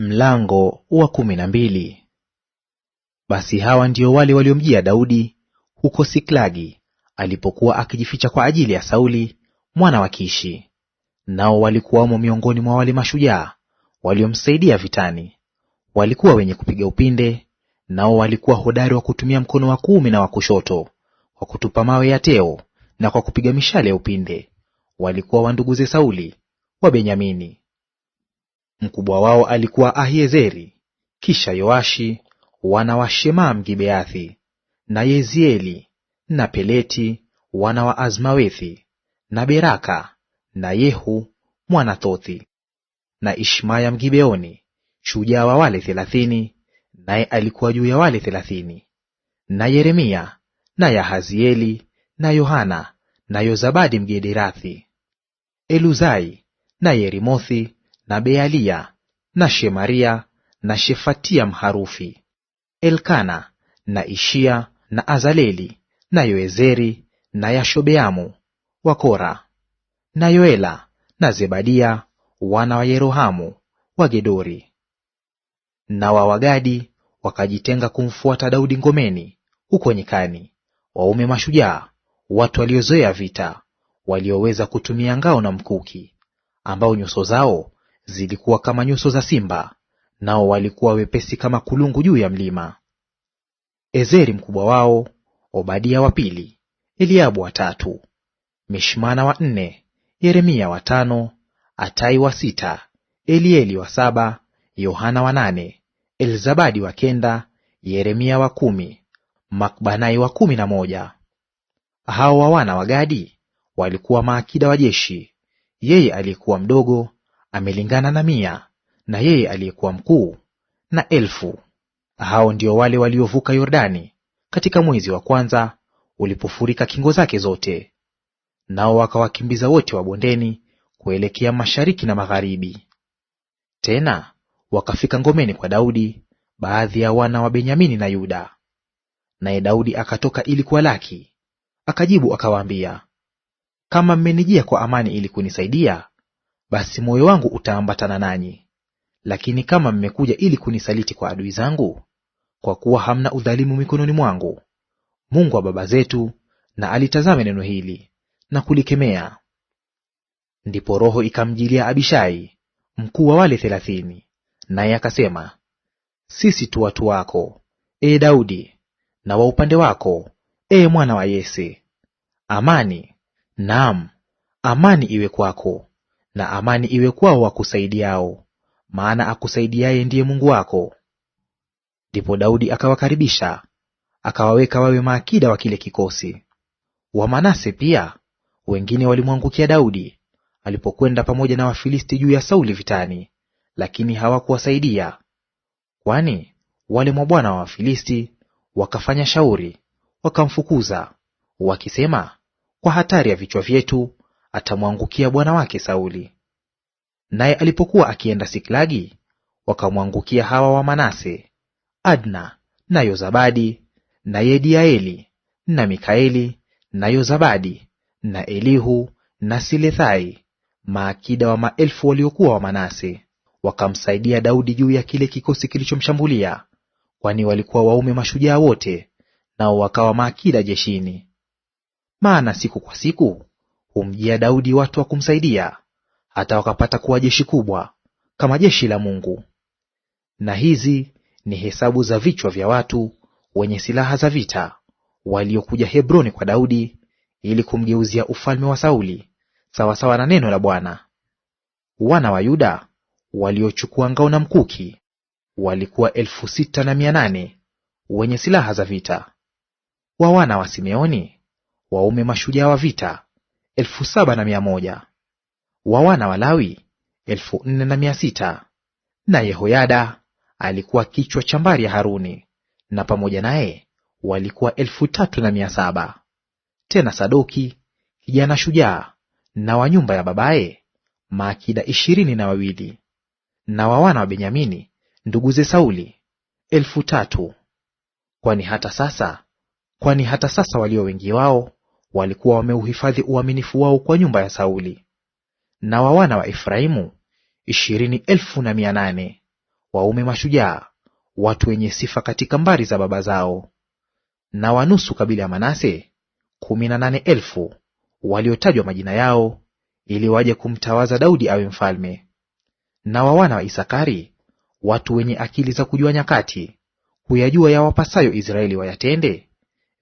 Mlango wa kumi na mbili. Basi hawa ndio wale waliomjia Daudi huko Siklagi alipokuwa akijificha kwa ajili ya Sauli mwana wa Kishi, nao walikuwamo miongoni mwa wale mashujaa waliomsaidia vitani. Walikuwa wenye kupiga upinde, nao walikuwa hodari wa kutumia mkono wa kuume na wa kushoto, kwa kutupa mawe ya teo na kwa kupiga mishale ya upinde. Walikuwa wanduguze Sauli wa Benyamini. Mkubwa wao alikuwa Ahiezeri, kisha Yoashi wana wa Shemaa Mgibeathi, na Yezieli na Peleti wana wa Azmawethi, na Beraka na Yehu Mwanathothi, na Ishmaya Mgibeoni, shujaa wa wale thelathini, naye alikuwa juu ya wale thelathini, na Yeremia na Yahazieli na Yohana na Yozabadi Mgederathi, Eluzai na Yerimothi na Bealia na Shemaria na Shefatia mharufi, Elkana na Ishia na Azaleli na Yoezeri na Yashobeamu wa Kora na Yoela na Zebadia wana wa Yerohamu wa Gedori. Na wawagadi wakajitenga kumfuata Daudi ngomeni huko nyikani, waume mashujaa, watu waliozoea vita, walioweza kutumia ngao na mkuki, ambao nyuso zao zilikuwa kama nyuso za simba, nao walikuwa wepesi kama kulungu juu ya mlima. Ezeri mkubwa wao, Obadia wa pili, Eliabu wa tatu, Mishmana wa nne, Yeremia wa tano, Atai wa sita, Elieli wa saba, Yohana wa nane, Elzabadi wa kenda, Yeremia wa kumi, Makbanai wa kumi na moja. Hao wa wana wa Gadi walikuwa maakida wa jeshi. Yeye aliyekuwa mdogo amelingana na mia, na yeye aliyekuwa mkuu na elfu. Hao ndio wale waliovuka Yordani katika mwezi wa kwanza ulipofurika kingo zake zote, nao wakawakimbiza wote wa bondeni kuelekea mashariki na magharibi. Tena wakafika ngomeni kwa Daudi baadhi ya wana wa Benyamini na Yuda. Naye Daudi akatoka ili kuwalaki, akajibu akawaambia, kama mmenijia kwa amani ili kunisaidia, basi moyo wangu utaambatana nanyi. Lakini kama mmekuja ili kunisaliti kwa adui zangu, kwa kuwa hamna udhalimu mikononi mwangu, Mungu wa baba zetu na alitazame neno hili na kulikemea. Ndipo roho ikamjilia Abishai mkuu wa wale thelathini, naye akasema, sisi tu watu wako, e Daudi, na wa upande wako, ee mwana wa Yese. Amani, naam, amani iwe kwako na amani iwe kwao wakusaidiao, maana akusaidiaye ndiye Mungu wako. Ndipo Daudi akawakaribisha, akawaweka wawe maakida wa kile kikosi. Wamanase pia wengine walimwangukia Daudi alipokwenda pamoja na Wafilisti juu ya Sauli vitani, lakini hawakuwasaidia, kwani wale bwana wa Wafilisti wakafanya shauri, wakamfukuza wakisema, kwa hatari ya vichwa vyetu atamwangukia bwana wake Sauli. Naye alipokuwa akienda Siklagi, wakamwangukia hawa wa Manase, Adna na Yozabadi na Yediaeli na Mikaeli na Yozabadi na Elihu na Silethai, maakida wa maelfu waliokuwa wa Manase, wakamsaidia Daudi juu ya kile kikosi kilichomshambulia, kwani walikuwa waume mashujaa wote, nao wakawa maakida jeshini. Maana siku kwa siku humjia Daudi watu wa kumsaidia, hata wakapata kuwa jeshi kubwa kama jeshi la Mungu. Na hizi ni hesabu za vichwa vya watu wenye silaha za vita waliokuja Hebroni kwa Daudi ili kumgeuzia ufalme wa Sauli sawasawa na neno la Bwana. Wana wa Yuda waliochukua ngao na mkuki walikuwa elfu sita na mia nane wenye silaha za vita. Wa wana wa Simeoni waume mashujaa wa vita elfu saba na mia moja wa wana wa Lawi elfu nne na mia sita na Yehoyada alikuwa kichwa cha mbari ya Haruni, na pamoja naye walikuwa elfu tatu na mia saba. Tena Sadoki kijana shujaa na wa nyumba ya babaye maakida ishirini na wawili na wa wana wa Benyamini nduguze Sauli elfu tatu. Kwani hata sasa, kwani hata sasa walio wengi wao walikuwa wameuhifadhi uaminifu wao kwa nyumba ya Sauli. Na wa wana wa Efraimu ishirini elfu na mia nane waume mashujaa, watu wenye sifa katika mbari za baba zao. Na wanusu kabila ya Manase kumi na nane elfu waliotajwa majina yao, ili waje kumtawaza Daudi awe mfalme. Na wa wana wa Isakari watu wenye akili za kujua nyakati, kuyajua yawapasayo Israeli wayatende,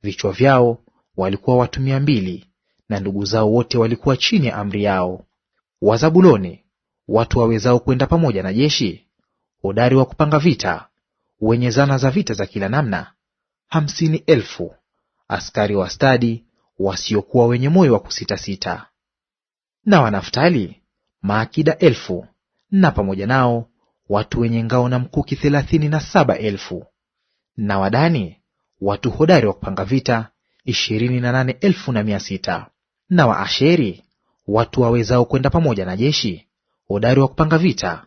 vichwa vyao walikuwa watu mia mbili na ndugu zao wote walikuwa chini ya amri yao. Wazabuloni, watu wawezao kwenda pamoja na jeshi, hodari wa kupanga vita, wenye zana za vita za kila namna, hamsini elfu askari wa stadi wasiokuwa wenye moyo wa kusitasita. Na Wanaftali maakida elfu na pamoja nao watu wenye ngao na mkuki thelathini na saba elfu na Wadani watu hodari wa kupanga vita ishirini na nane elfu na mia sita. Na Waasheri watu wawezao kwenda pamoja na jeshi hodari wa kupanga vita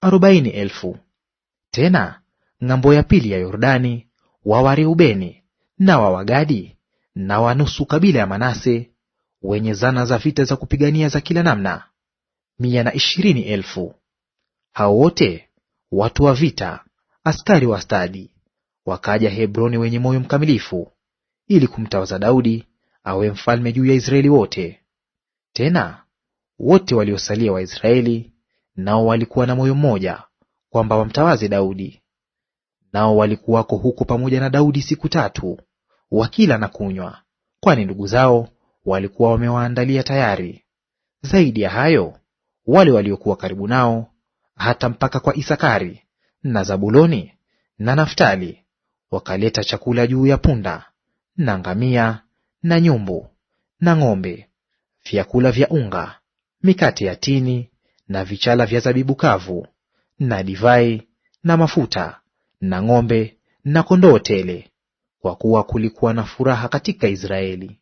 arobaini elfu. Tena ng'ambo ya pili ya Yordani wa Wareubeni na wa Wagadi na wanusu kabila ya Manase wenye zana za vita za kupigania za kila namna mia na ishirini elfu. Hao wote watu wa vita, askari wa stadi, wakaja Hebroni wenye moyo mkamilifu ili kumtawaza Daudi awe mfalme juu ya Israeli wote. Tena wote waliosalia Waisraeli nao walikuwa na moyo mmoja kwamba wamtawaze Daudi. Nao walikuwako huko pamoja na Daudi siku tatu, wakila na kunywa, kwani ndugu zao walikuwa wamewaandalia tayari. Zaidi ya hayo, wale waliokuwa karibu nao hata mpaka kwa Isakari na Zabuloni na Naftali wakaleta chakula juu ya punda na ngamia na nyumbu na ng'ombe, vyakula vya unga, mikate ya tini, na vichala vya zabibu kavu, na divai na mafuta, na ng'ombe na kondoo tele; kwa kuwa kulikuwa na furaha katika Israeli.